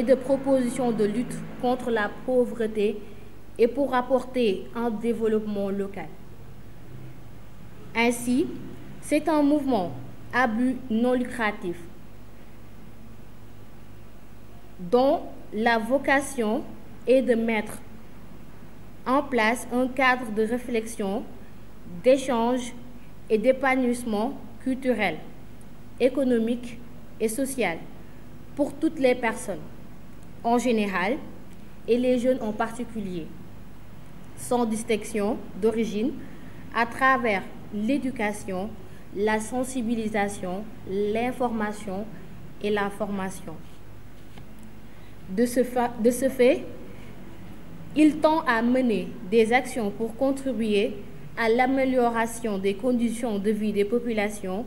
et de propositions de lutte contre la pauvreté et pour apporter un développement local. Ainsi, c'est un mouvement à but non lucratif dont la vocation est de mettre en place un cadre de réflexion, d'échange et d'épanouissement culturel, économique et social pour toutes les personnes. en général et les jeunes en particulier, sans distinction d'origine, à travers l'éducation, la sensibilisation, l'information et la formation. De ce, fa de ce fait, il tend à mener des actions pour contribuer à l'amélioration des conditions de vie des populations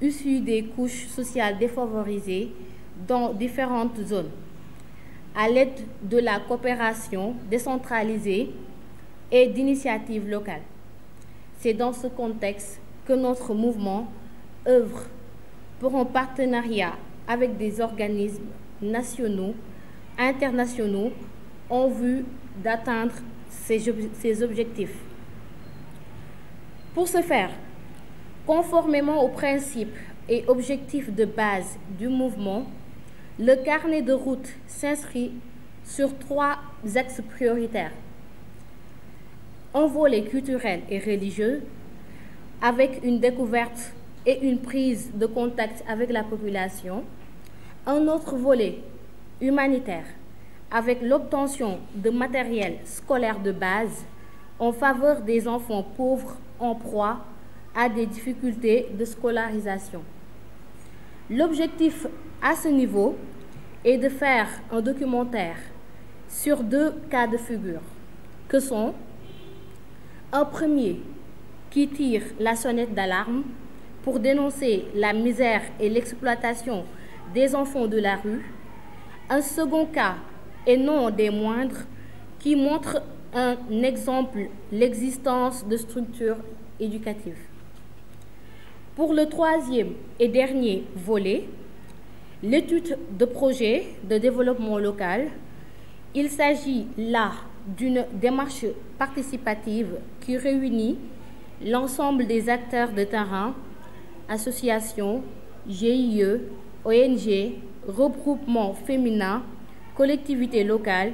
issues des couches sociales défavorisées dans différentes zones. à l'aide de la coopération décentralisée et d'initiatives locale C'est dans ce contexte que notre mouvement œuvre pour un partenariat avec des organismes nationaux, internationaux, en vue d'atteindre ces objectifs. Pour ce faire, conformément aux principes et objectifs de base du mouvement, Le carnet de route s'inscrit sur trois axes prioritaires. Un volet culturel et religieux, avec une découverte et une prise de contact avec la population. Un autre volet humanitaire, avec l'obtention de matériel scolaire de base en faveur des enfants pauvres en proie à des difficultés de scolarisation. L'objectif à ce niveau est de faire un documentaire sur deux cas de figure, que sont un premier qui tire la sonnette d'alarme pour dénoncer la misère et l'exploitation des enfants de la rue, un second cas, et non des moindres, qui montre un exemple l'existence de structures éducatives. Pour le troisième et dernier volet, l'étude de projet de développement local, il s'agit là d'une démarche participative qui réunit l'ensemble des acteurs de terrain, association GIE, ONG, regroupements féminins, collectivités locales,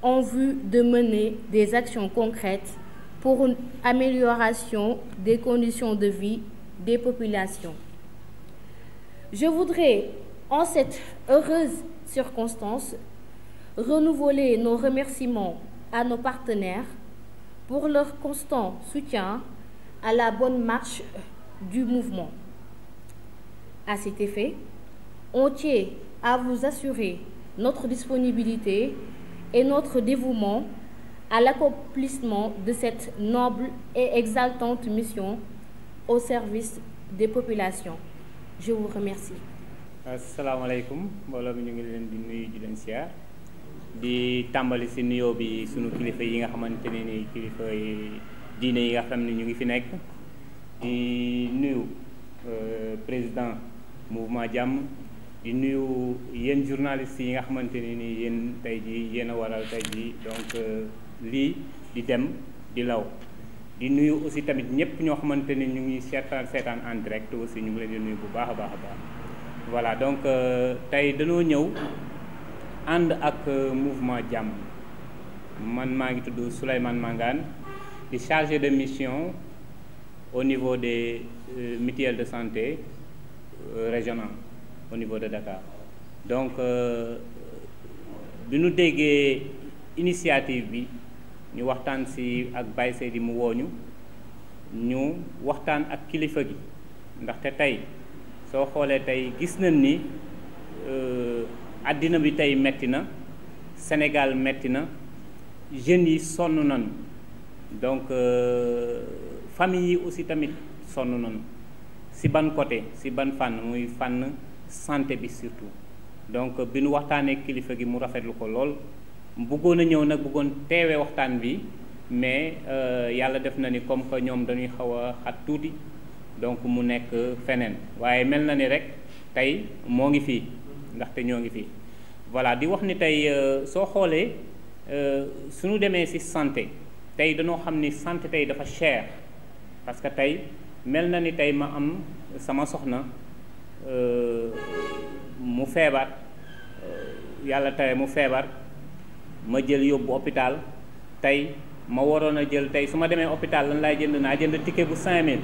en vue de mener des actions concrètes pour une amélioration des conditions de vie des populations. Je voudrais, en cette heureuse circonstance, renouveler nos remerciements à nos partenaires pour leur constant soutien à la bonne marche du mouvement. À cet effet, on tient à vous assurer notre disponibilité et notre dévouement à l'accomplissement de cette noble et exaltante mission au service des population je vous remercie. asalaamaaleykum mbooloo mi ñu ngi leen di nuyu di leen siyaar di tàmbali si nuyoo bi sunu kilifa yi nga xamante ne ni kilifa yi diine yi nga xam ne ñu ngi fi nekk di nuyu euh, président mouvement jàmm di nuyu yéen journalistes yi nga xamante ne ni yéen tey jii yéen a waral tey jii donc euh, lii di dem di law. di nuyu aussi tamit ñëpp ñoo xamante ni ñu ngi seetaan seetaan en direct aussi ñu ngi leen di nuyu bu baax a baax a baax voilà donc euh, tey dañoo ñëw ànd ak euh, mouvement jàmm man maa ngi tudd Souleymane Mangane di chargé de mission au niveau des euh, mutuelles de santé régionales au niveau de Dakar donc bi ñu déggee initiative bi. ñu waxtaan si ak Baye Seydi mu wooñu ñu waxtaan ak kilifa gi ndaxte tey soo xoolee tey gis nañ ni àddina euh, bi tey metti na Sénégal metti na jeunes yi sonn nañu donc euh, famille yi aussi tamit sonn nañu si ban côté si ban fànn muy fànn santé bi surtout donc bi nu waxtaanee kilifa gi mu rafetlu ko lool bëggoon a ñëw nag bëggoon teewe waxtaan bi mais euh, yàlla def na ni comme que ñoom dañuy xaw a xat tuuti donc mu nekk feneen waaye mel na ni rek tey moo ngi fii ndaxte ñoo ngi fii voilà di wax ni tey euh, soo xoolee euh, suñu demee si santé tey dañoo xam ni santé tey dafa cher parce que tey mel na ni tey ma am sama soxna mu feebar yàlla tey mu feebar ma jël yóbbu hôpital tey ma waroon a jël tey su ma demee hôpital lan laay jënd naa jënd tikke bu 5000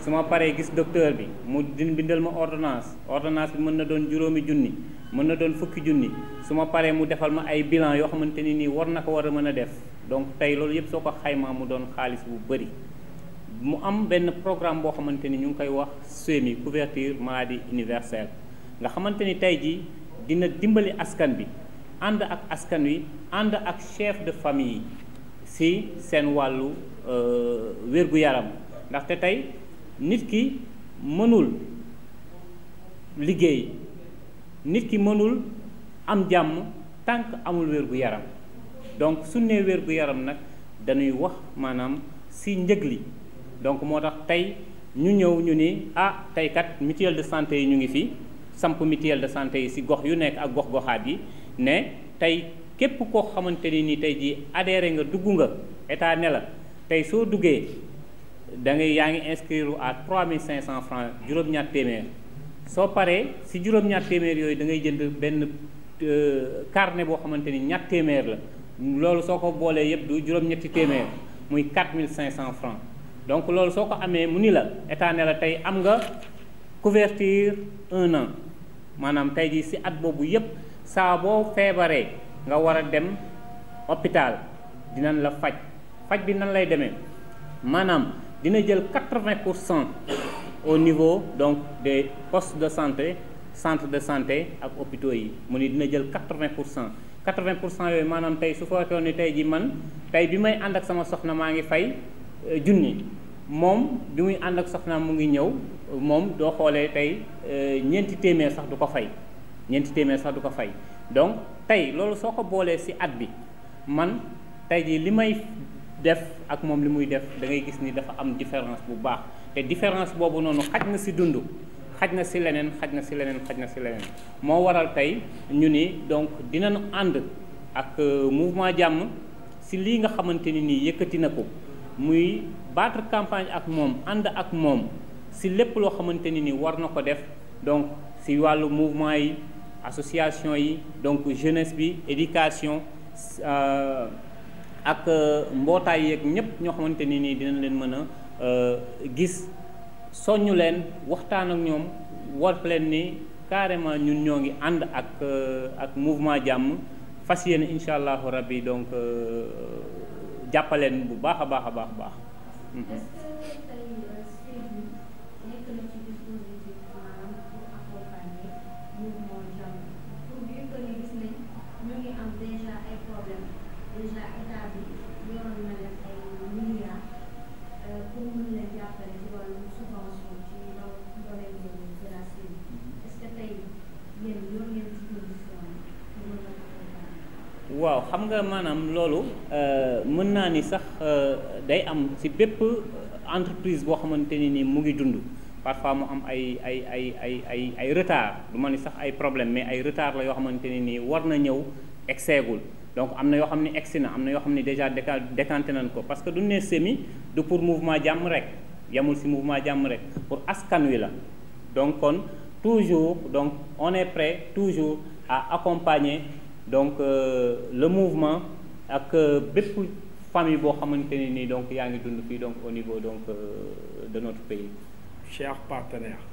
su ma paree gis docteur bi mu din bindal ma ordonnance ordonnance bi mën na doon juróomi junni mën na doon fukki junni su ma paree mu defal ma ay bilan yoo xamante ni nii war na ko war a mën a def donc tey loolu yëpp soo ko xayma mu doon xaalis bu bëri mu am benn programme boo xamante ni ñu ngi koy wax CMU couverture maladie universelle nga xamante ni tey jii dina dimbali askan bi ànd ak askan wi ànd ak chef de famille si seen wàllu euh, wér-gu-yaram ndaxte tey nit ki mënul liggéey nit ki mënul am jàmm tànk amul wér-gu-yaram donc su nee wér-gu-yaram nag dañuy wax maanaam si njëg li donc moo tax tey ñu ñëw ñu ni ah tey kat mutuelle de santé yi ñu ngi fi samp mutuelle de santé yi si gox yu nekk ak gox goxaat yi ne tey képp koo xamante ni ni tey jii adhéré nga dugg nga état ne la tey soo duggee da ngay yaa ngi inscrire à cinq francs juróom-ñaar téeméer soo paree si juróom-ñaar téeméer yooyu da ngay jënd benn euh, carnet boo xamante ni ñaar la loolu soo ko boolee yëpp du juróom-ñetti téeméer muy 4500 francs donc loolu soo ko amee mu ni la état ne la tey am nga couverture un an maanaam tey jii si at boobu yëpp saa boo feebaree nga war a dem hôpital dinañ la faj faj bi nan lay demee maanaam dina jël quatre vingt pour cent au niveau donc des post de santé centre de santé ak hôpitaux yi mu ni dina jël quatre-vingts pour cent quatre-vingts pour cent yooyu maanaam tey su fekkoon ni tey ji man tey bi may ànd ak sama soxna maa ngi fay euh, junni moom bi muy ànd ak soxna mu ngi ñëw moom doo xoolee tey euh, ñeenti téeméer sax du ko fay ñeenti téeméer sax du ko fay donc tey loolu soo ko boolee ci at bi man tey jii li may def ak moom li muy def da gis ni dafa am différence bu baax te différence boobu noonu xaj na si dund xaj na si leneen xaj na si leneen xaj na ci leneen moo waral tey ñu ni donc dinañu ànd ak euh, mouvement jàmm si lii nga xamante ni nii yëkkati na ko muy battre campagne ak moom ànd ak moom si lépp loo xamante ni nii war na ko def donc ci wàllu mouvement yi association yi donc jeunesse bi éducation euh, ak euh, mbootaay yeeg ñëpp ñoo xamante ni nii dina leen mën a euh, gis soññu leen waxtaan ak ñoom war leen ni carrément ñun ñoo ngi ànd ak ak mouvement jàmm fas yéene incha allahu rabbi donc jàppaleen bu baax a baax a baax a baax. waaw xam nga maanaam loolu euh, mën naa ni sax euh, day am ci bépp euh, entreprise boo xamante ni nii mu ngi dund parfois mu am ay ay ay ay ay ay retard du ma ni sax ay problème mais ay retard la yoo xamante ne nii war na ñëw egseegul donc am na yoo xam ne egsi na am na yoo xam ne déjà déca décanté nañ ko parce que du ne semi du pour mouvement jàmm rek yemul ci mouvement jàmm rek pour askan wi la donc kon toujours donc on est prêt toujours à accompagner donc euh, le mouvement ak euh, bépp famille boo xamante ne nii donc yaa ngi dund fii donc au niveau donc euh, de notre pays. chers partenaires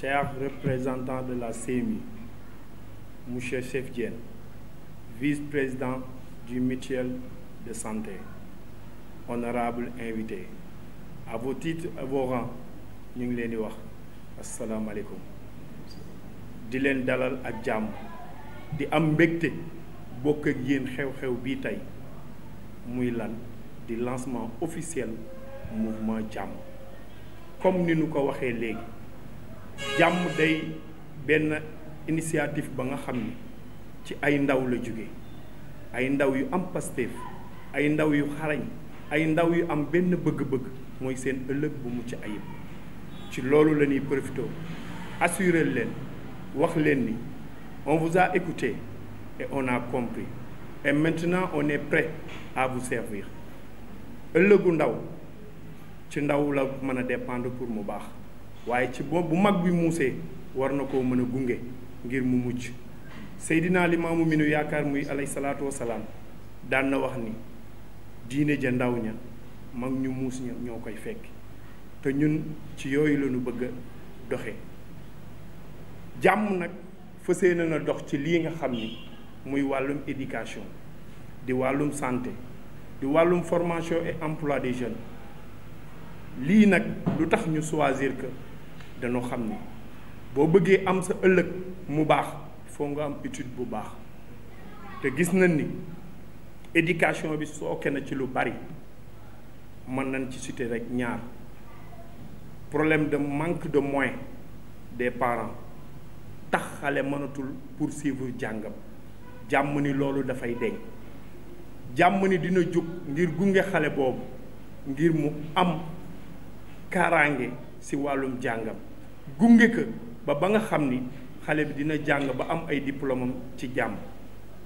chers représentants de la CMI monsieur Cheikh Diène vice-président du mutuel de santé honorable invité à vos titres à vos rangs ñu ngi leen di wax asalaamaaleykum di leen dalal ak jàmm. di am mbégte bokk ak yéen xew-xew bii tey muy lan di lancement officiel mouvement jàmm comme ni nu ko waxee léegi jàmm day benn initiative ba nga xam ni ci ay ndaw la jóge ay ndaw yu am Pastef ay ndaw yu xarañ ay ndaw yu am benn bëgg-bëgg mooy seen ëllëg bu mucc ayib ci loolu la ñuy profité assuré leen wax leen ni On vous a écouté et on a compris. Et maintenant, on est prêt à servir. ëllëgu ndaw ci ndaw la mën a dépendre pour mu baax waaye ci bo bu mag bi muusee war na koo mën a gunge ngir mu mucc Seydina Limaamu mi nu yaakaar muy alay salaatu wasalaam daan na wax ni diine ja ndaw ña mag ñu muus ñoo koy fekk te ñun ci yooyu la ñu bëgg a doxe jàmm nag fësee na na dox ci lii nga xam ni muy wàllum éducation di wàllum santé di wàllum formation et emploi des jeunes lii nag lu tax ñu choisir que dañoo xam ni boo bëggee am sa ëllëg mu baax foo nga am étude bu baax te gis na ni éducation bi sooke na ci lu bari mën nañ ci citer rek ñaar problème de manque de moyens des parent tax xale mënatul pour poursuivre jàngam jàmm ni loolu dafay deñ jàmm ni dina jóg ngir gunge xale boobu ngir mu am kaaraange si wàllum jàngam gunge ko ba ba nga xam ni xale bi dina jàng ba am ay diplôme ci jàmm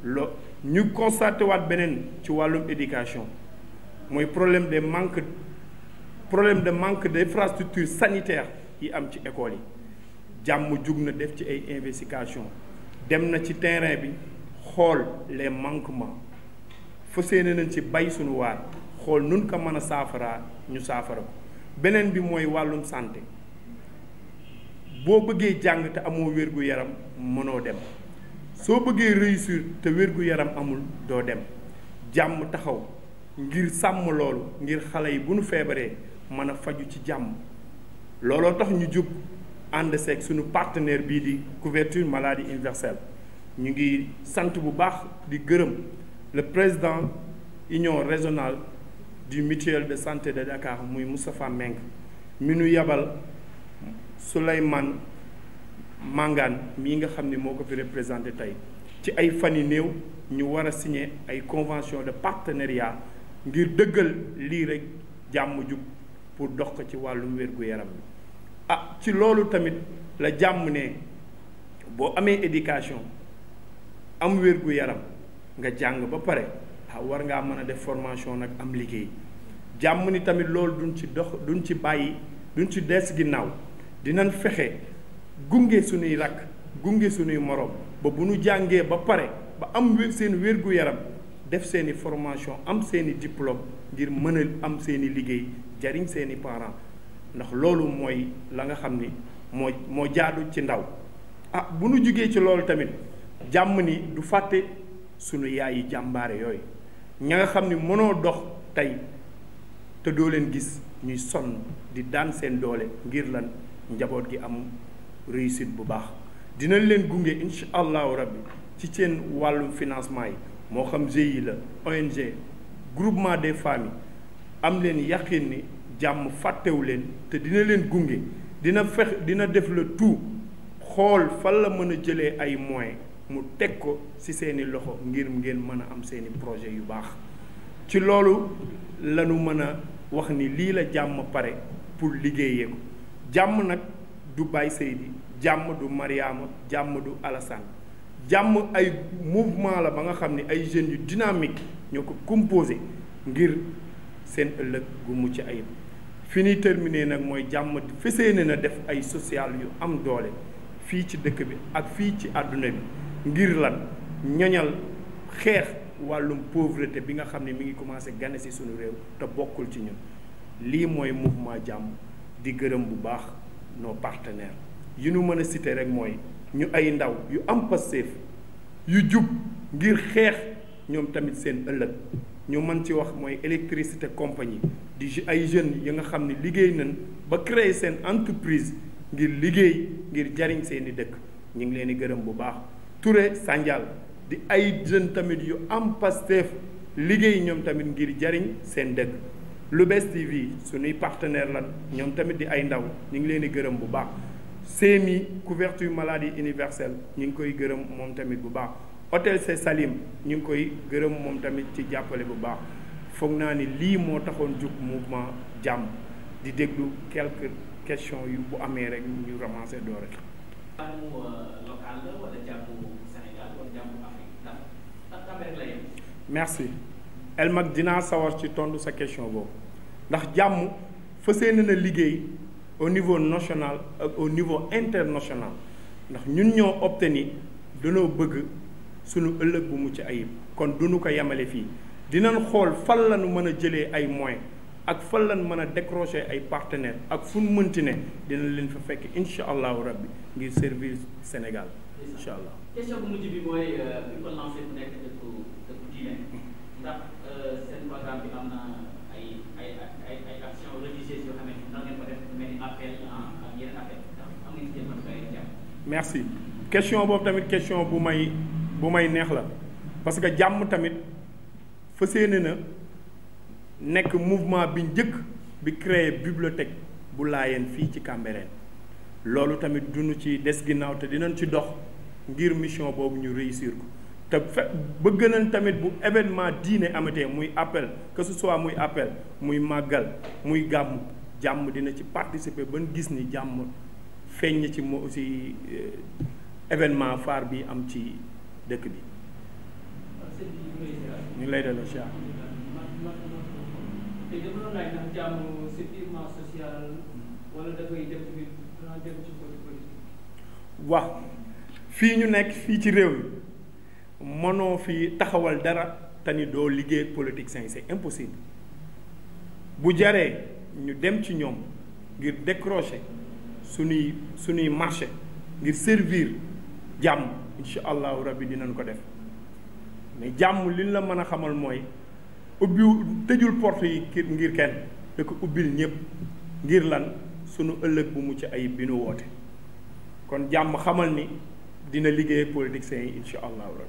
lo ñu constaté waat beneen ci wàllum éducation mooy problème de manque problème de manque d'infrastructures sanitaires yi am ci école yi jàmm jug na def ci ay investigation dem na ci terrain bi xool les manquements fa séene nañ ci bay suñu waar xool nun ko mën a saafaraa ñu saafara ko beneen bi mooy wàllum santé boo bëggee jàng te amoo wér-gu-yaram mënoo dem soo bëggee réussir te wér-gu-yaram amul doo dem jàmm taxaw ngir sàmm loolu ngir xale yi bu nu feebaree mën a faju ci jàmm looloo tax ñu jub ànd seeg suñu partenaire bii di couverture maladie universelle ñu ngi sant bu baax di gërëm le président union régionale du mutuelle de santé de Dakar muy Moustapha Meng mi nu yabal Souleymane Mangane mii nga xam ni moo ko fi représenté tey ci ay fan yu néew ñu war a signer ay convention de partenariat ngir dëggal lii rek jàmm jub pour dox ko ci wàllu wér-gu-yaram bi ah ci loolu tamit la jàmm ne boo amee éducation am wér-gu-yaram nga jàng ba pare ah war ngaa mën a def formation nag am liggéey jàmm ni tamit loolu duñ ci dox duñ ci bàyyi duñ ci des ginnaaw dinañ fexe gunge suñuy rakk gunge suñuy moroom ba bu ñu jàngee ba pare ba am seen wér-gu-yaram def seeni formation am seeni diplôme ngir mën a am seeni liggéey jariñ seeni parent ndax loolu mooy la nga xam ni moo moo jaadu ci ndaw ah bu nu jógee ci loolu tamit jàmm ni du fàtte sunu yaay yi jàmbaare yooyu ña nga xam ni mënoo dox tey te doo leen gis ñuy sonn di daan seen doole ngir lan njaboot gi am réussite bu baax dinañ leen gunge incha allahu rabbi ci seen wàllum financement yi moo xam GIE la ONG groupement des familles am leen yaqin ni jàmm fàttewu leen te dina leen gunge dina fex dina def le tout xool fan la mën a jëlee ay moyens mu teg ko ci seeni loxo ngir ngeen mën a am seeni projet yu baax ci loolu lañu mën a wax ni lii la jàmm pare pour liggéeyee ko jàmm nag du Baye Seydi jàmm du Mariama jàmm du Alassane jàmm ay mouvement la ba nga xam ne ay jeunes yu dynamique ñoo ko composé ngir seen ëllëg gu mucc ayib fi ñuy terminer nag mooy jàmm fesee ne na def ay social yu am doole fii ci dëkk bi ak fii ci àdduna bi ngir lan ñañal xeex wàllum pauvreté bi nga xam ne mi ngi commencé gane si suñu réew te bokkul ci ñun lii mooy mouvement jàmm di gërëm bu baax noo partenaire yi nu mën a citer rek mooy ñu ay ndaw yu am passeef yu jub ngir xeex ñoom tamit seen ëllëg ñu mën ci wax mooy électricité compagnie di ay jeunes yi nga xam ne liggéey nañ ba créer seen entreprise ngir liggéey ngir jariñ seeni dëkk ñu ngi leen di gërëm bu baax Touré Sandial di ay jeunes tamit yu am Pastef liggéey ñoom tamit ngir jariñ seen dëkk Lou'Bess TV suñuy partenaire lan ñoom tamit di ay ndaw ñu ngi leen di gërëm bu baax CMI couverture maladie universelle ñu ngi koy gërëm moom tamit bu baax hôtel Sey Salim ñu ngi koy gërëm moom tamit ci jàppale bu baax foog naa ni lii moo taxoon jug mouvement jàmm di déglu quelques question yu bu amee rek ñu ramasser doore. jàmmu euh, merci elmag dinaa sawar ci tontu sa question boobu ndax jàmm fa fësee na liggéey au niveau national ak au niveau international ndax ñun ñoo opté ni danoo bëgg. sunu ëllëg bu mucc ayib kon duñu ko yemale fii dinañ xool fan la nu mën a jëlee ay moyens ak fan lañ mën a décrocher ay partenaires ak fu mënti ne dina leen fa fekk incha allahu rabbi ngir service Sénégal incha allah. question merci question boobu tamit question bu may. bu may neex la parce que jàmm tamit fas yéene na nekk mouvement bi njëkk bi créé bibliothèque bu laayeen fii ci Cambérène loolu tamit duñu ci des ginnaaw te dinañ ci dox ngir mission boobu ñu réussir ko te fe bëgg nañ tamit bu événement diine amatee muy appel que ce soit muy appel muy màggal muy gàmm jàmm dina ci participer ban gis ni jàmm feeñ ci mo aussi euh, événement phare bi am ci dëkk bi lay delloo si waaw fii ñu nekk fii ci réew mi mënoo fi taxawal dara te doo liggéey politique sañ c'est impossible bu jaree ñu dem ci ñoom ngir décroché suñuy suñuy marché ngir servir jàmm incha allahu rabbi dinañ ko def mais jàmm liñ la mën a xamal mooy ubbiw tëjul port yi ngir kenn da ko ubbil ñëpp ngir lan sunu ëllëg bu mucc ayib bi nu woote kon jàmm xamal ni dina liggéey politiciens yi incha rabbi.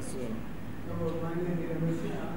salaamaaleykum.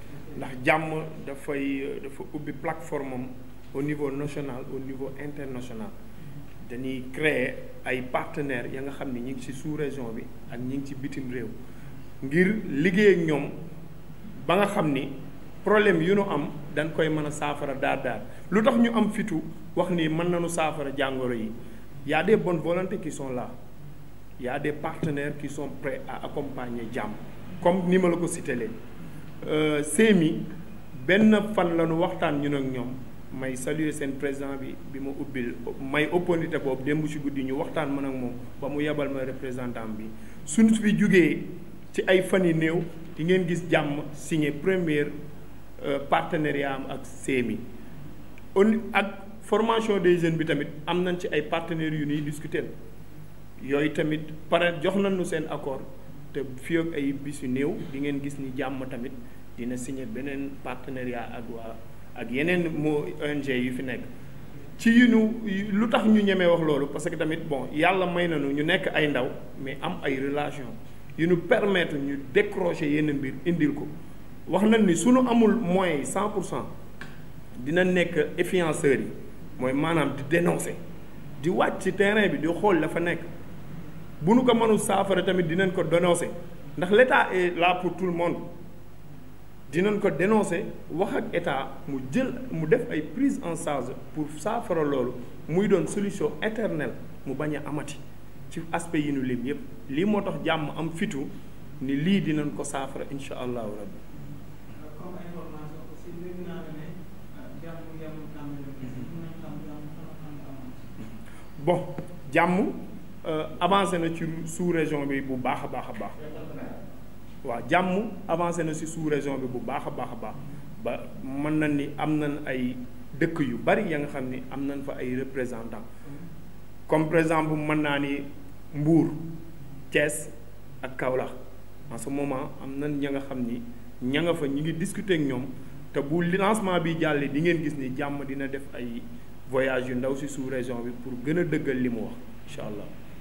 ndax jàmm dafay dafa ubbi plateforme au niveau national au niveau international dañuy créer ay partenaires ya nga xam ni ñu ngi ci sous-région bi ak ñu ngi ci bitim réew ngir liggéeyak ñoom ba nga xam ni problème yu nu am dañ koy mën a saafara daar daar lu tax ñu am fitu wax ni mën nañu saafara jàngoro yi y a des bonnes volontés qui son là y a des partenaires qui sont prêts à accompagner jàmm comme ni ma la ko cité leen CMI euh, benn fan la ñu waxtaan ñun ak ñoom may saluer seen président bi bi ma ubbil may opportunité boobu démb ci guddi ñu waxtaan man ak moom ba mu yebal ma représentant bi suñu fi jógee ci ay fan yu néew di ngeen gis jàmm signe première euh, partenariat am ak CMI on ak formation des jeunes bi tamit am nañ ci ay partenaires yu ñuy discuter yooyu tamit pare jox na nañu seen accord te fii ay bis yu néew di ngeen gis ni jàmm tamit dina signé beneen partenariat ak waa ak yeneen moo ONG yu fi nekk. ci yu ñu lu tax ñu ñemee wax loolu parce que tamit bon yàlla may nañu ñu nekk ay ndaw mais am ay relation yu ñu permettre ñu décrocher yenn mbir indil ko wax nañ ni suñu amul moyen cent pour cent dina nekk influenceurs yi mooy maanaam di dénoncer di wàcc ci terrain bi di xool la fa nekk. bu nu ko mënul saafara tamit dinañ ko dénoncer ndax l'État est là pour tout le monde dinañ ko dénoncer wax ak état mu jël mu def ay prise en charge pour saafara loolu muy doon solution éternelle mu bañ a amati ci aspect yi nu lim yépp lii moo tax jàmm am fitou ni lii dinañ ko saafara insha allahu rabbi euh, bon jàmm Euh, avancé na ci sous région bi bu baax a baax a baax waaw jàmm avancé na si sous région bi bu baax a baax a baax ba mën na ni am nañ ay dëkk yu bari ya nga xam ni am nañ fa ay représentants comme par exemple mën naa ni mbuur cees ak Kaolack en ce moment am na ña nga xam ni ña nga fa ñu ngi discuter ak ñoom te bu lancement bi jàllee di ngeen gis ni jàmm dina def ay voyage yu ndaw si sous région bi pour gën a dëggal li mu wax incha allah.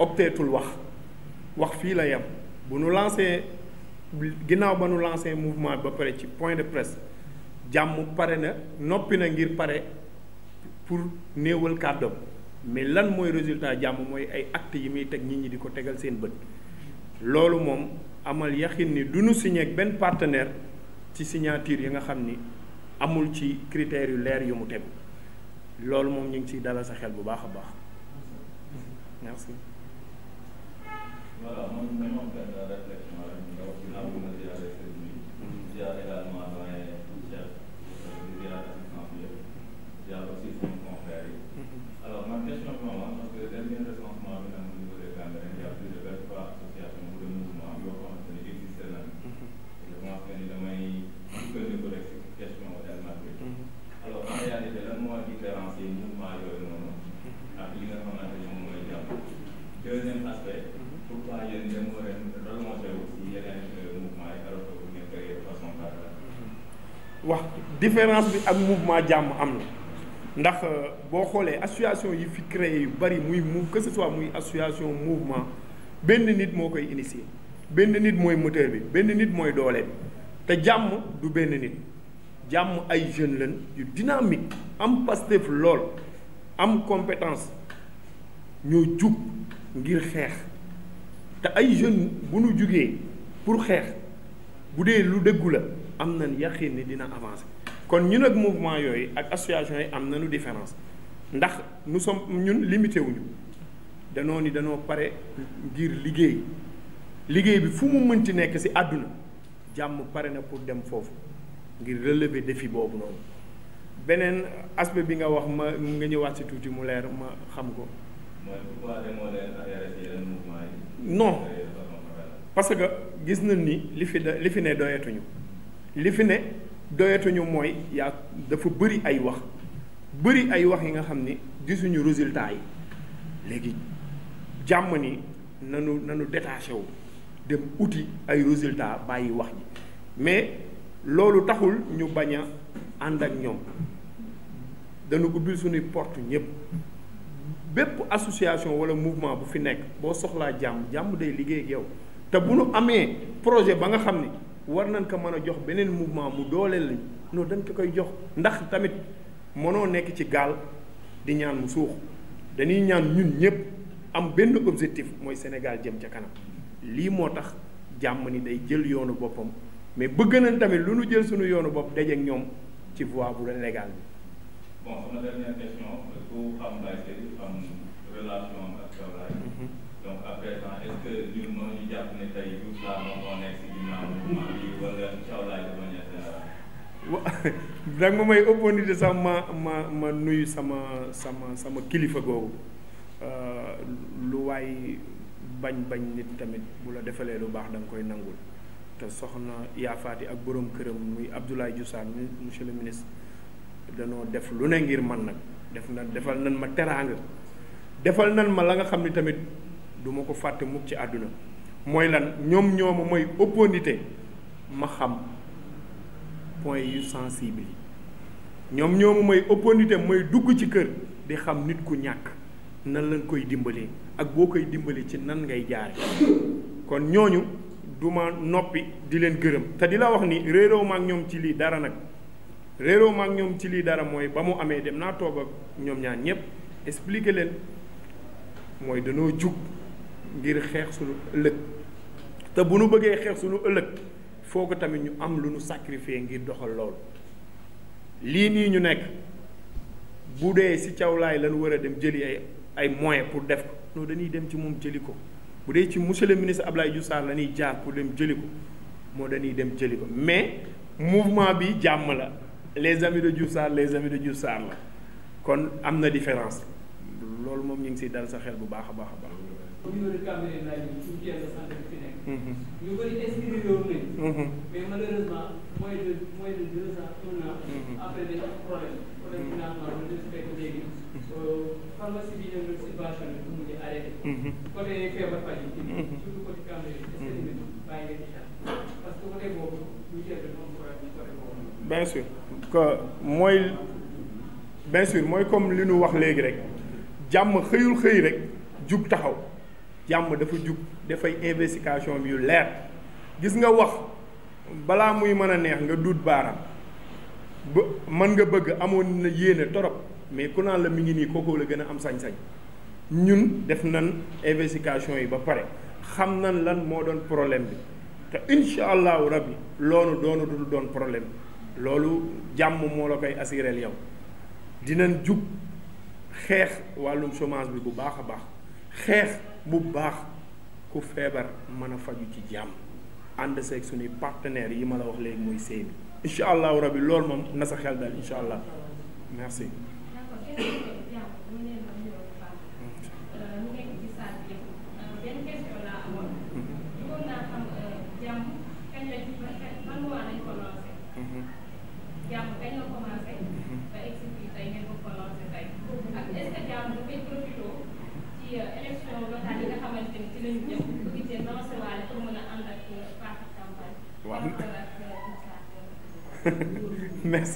opteetul wax wax fii la yem bu nu lancé ginnaaw ba nu lancé mouvement ba pare ci point de presse jàmm pare na noppi na ngir pare pour néewal kàddoom mais lan mooy résultat jàmm mooy ay actes yi muy teg ñi ñi di ko tegal seen bët loolu moom amal yaxin ni du ñu signé ak benn partenaire ci signature yi nga xam ni amul ci critères yu leer yu mu tegu loolu moom ñu ngi ciy dalal sa xel bu baax a baax voilà moom dañoo am benn réflexion différence bi ak mouvement jàmm am na ndax euh, boo xoolee association yi fi créé yu bari muy mu que soit muy association mouvement benn nit moo koy initier benn nit mooy moteur bi benn nit mooy doole bi te jàmm du benn nit jàmm ay jeunes lañ yu dynamique am Pastef lool am compétence ñoo jug ngir xeex te ay jeunes bu nu jugee pour xeex bu dee lu dëggu la am na yaqin ni dina avancer. kon ñun ak mouvement yooyu ak association yi am nañu différence ndax nous sommes ñun limité wuñu danoo ni danoo pare ngir liggéey liggéey bi fu mu mënti nekk ci àdduna jàmm pare na pour dem foofu ngir relever défi boobu noonu beneen aspect bi nga wax ma nga ñëwaat ci tuuti mu leer ma xam ko. no parce que gis na ni li fi da li fi ne doyatuñu li fi ne. doyatuñu mooy yaa dafa bëri ay wax bëri ay wax yi nga xam ni gisuñu résultat yi léegi jàmm ni nanu nanu détaché wu dem uti ay résultat bàyyi wax ji mais loolu taxul ñu bañ a ànd ak ñoom dañu ubbil suñuy porte ñëpp bépp association wala mouvement bu fi nekk boo soxlaa jàmm jàmm day liggéey yow te bu nu amee projet ba nga xam ni war nañ ko mën a jox beneen mouvement mu dooleel lañ non dañ ko koy jox ndax tamit mënoo nekk ci gaal di ñaan mu suux dañuy ñaan ñun ñépp am benn objectif mooy Sénégal jëm ca kanam lii moo tax jàmm ni day jël yoonu boppam mais bëgg nañ tamit lu nu jël suñu yoonu bopp daje ak ñoom ci voie bu légal bi. bon sama dernière question ku xam Mbaye Sèye xam relation ak Kaolack. Mhm. donc à présent est ñun mënuñu jàpp ne tey Diouf laa moom moo nekk danga ma may opportunité sax ma ma ma nuyu sama sama sama kilifa googu euh, lu waay bañ bañ nit tamit bu la defalee lu baax da koy nangul te soxna yaafaati ak boroom këram muy Abdoulaye Diouf Sarr monsieur le ministre danoo def lu ne ngir man nag def na defal nan ma teraanga defal nan ma la nga xam ni tamit du ma ko fàtte mukk ci àdduna mooy lan ñoom ñooma mooy opportunité ma xam point yu sensible yi ñoom ñoomu may opportunité may dugg ci kër di xam nit ku ñàkk nan lañ koy dimbalee ak boo koy dimbalee ci nan ngay jaare kon ñooñu duma noppi di leen gërëm te di la wax ni réeroo ma ñoom ci lii dara nag réeroo ma ñoom ci lii dara mooy ba mu amee dem naa toog ak ñoom ñaar ñëpp expliquer leen mooy danoo jug ngir xeex suñu ëllëg te bu nu bëggee xeex suñu ëllëg foo ko tamit ñu am lu ñu sacrifier ngir doxal lool lii nii ñu nekk bu dee si cawlaay lañu war a dem jëli ay ay moyens pour def ko non dañuy dem ci moom jëli ko bu dee ci monsieur le ministre Abdoulaye Diouf Sarr la ñuy jaar pour dem jëli ko moo dañuy dem jëli ko mais mouvement bi jàmm la les amis de Diouf Sarr les amis de Diouf la kon am na différence loolu moom ñu ngi siy dal sa xel bu baax a baax a baax. au niveau de mooy bien sûr mooy comme li ñu wax léegi rek jàmm xëyul xëy rek jug taxaw. jàmm dafa jug dafay investigation yu leer gis nga wax balaa muy mën a neex nga dut baaraam ba mën nga bëgg amoon na yéene torop mais ku naan la mi ngi nii kooku la gën a am sañ-sañ ñun def nan investigation yi ba pare xam nan lan moo doon problème bi te incha allahu rabbi loolu doonu doon problème loolu jàmm moo la koy assureel yow dinañ jug xeex wàllum chômage bi bu baax a baax xeex bu baax ku feebar mën a faju ci jàmm ànd seeg suñu partenaires yi ma la wax léegi mooy seen incha allahu rabi loolu moom na sa xel daal incha allah merci.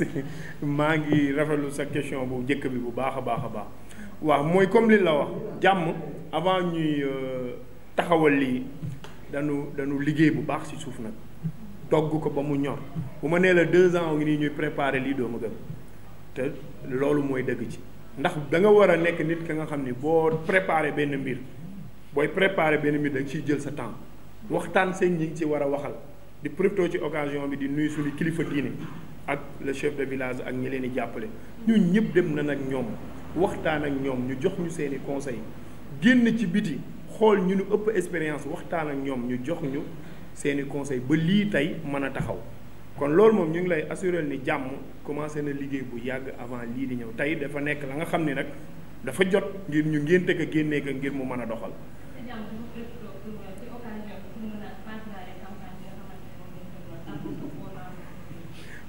merci maa ngi rafetlu sa question bu njëkk bi bu baax a baax a baax waaw mooy comme li la wax jàmm avant ñuy euh, taxawal lii dañu dañu liggéey bu baax ci suuf nag togg ko ba mu ñor bu ma nee la deux ans ngi nii ñuy préparer lii doo ma te loolu mooy dëgg ci ndax da nga war a nekk nit ka nga xam ni boo préparer benn mbir booy préparer benn mbir da nga ciy jël sa temps waxtaan seen ñi ngi ci war a waxal di profité ci occasion bi di nuyu suñu kilifa diine ak le chef de village ak ñi leen di jàppale ñun ñëpp dem na nag ñoom waxtaan ak ñoom ñu jox ñu seeni conseil génn ci biti xool ñu nu ëpp expérience waxtaan ak ñoom ñu jox ñu seeni conseil ba lii tey mën a taxaw kon loolu moom ñu ngi lay assuré ni jàmm commencé na liggéey bu yàgg avant lii di ñëw tey dafa nekk la nga xam ni nag dafa jot ngir ñu ngénte ka génnee ka ngir mu mën a doxal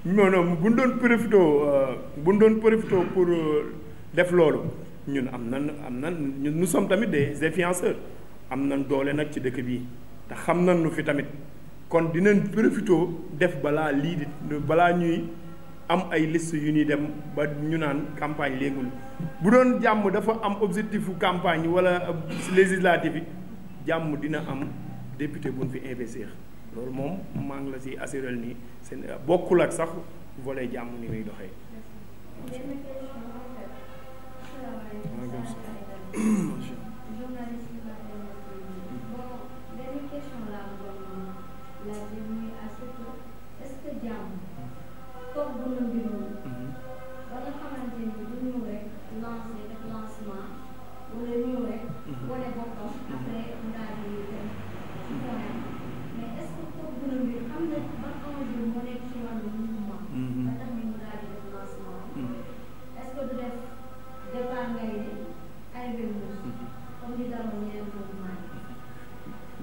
non non bu ñu doon profité euh, bu ñu doon profité pour euh, def loolu ñun am na am nan ñun nous tamit des influenceurs am nan doole nag ci dëkk bii te xam na nu fi tamit kon dinañ profité def balaa lii di balaa ñuy am ay liste yu ñuy dem ba ñu naan campagne léegul bu doon jàmm dafa am objectifu campagne wala euh, législative yi jàmm dina am député bu ñu fi investir. loolu moom maa ngi la si assuréel nii seen bokkul ak sax volet jàmm ni muy doxee.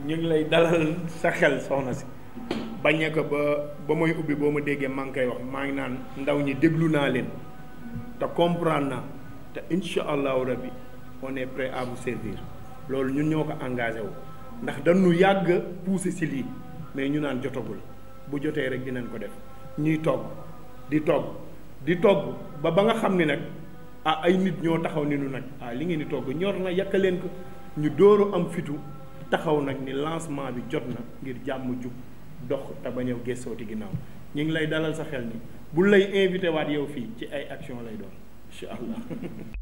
ñu ngi lay dalal sa xel soxna si bañee ko ba ba mooy ubbi boo ma déggee maa ngi koy wax maa ngi naan ndaw ñi déglu naa leen te comprendre naa te incha allahu rabbi on est prêt à vous loolu ñun ñoo ko engagé wu ndax dañu yàgg a si lii mais ñu naan jotagul bu jotee rek dinañ ko def ñuy togg di togg di togg ba ba nga xam ni nag ah ay nit ñoo taxaw ni nu nag ah li ngeen di togg ñor na yàkk leen ko ñu dóoru am fitu taxaw nag ni lancement bi jot na ngir jàmm jub dox te bañ a gëstooti ginnaaw ñu ngi lay dalal sa xel ni bul lay invité waat yow fii ci ay action lay doon incha allah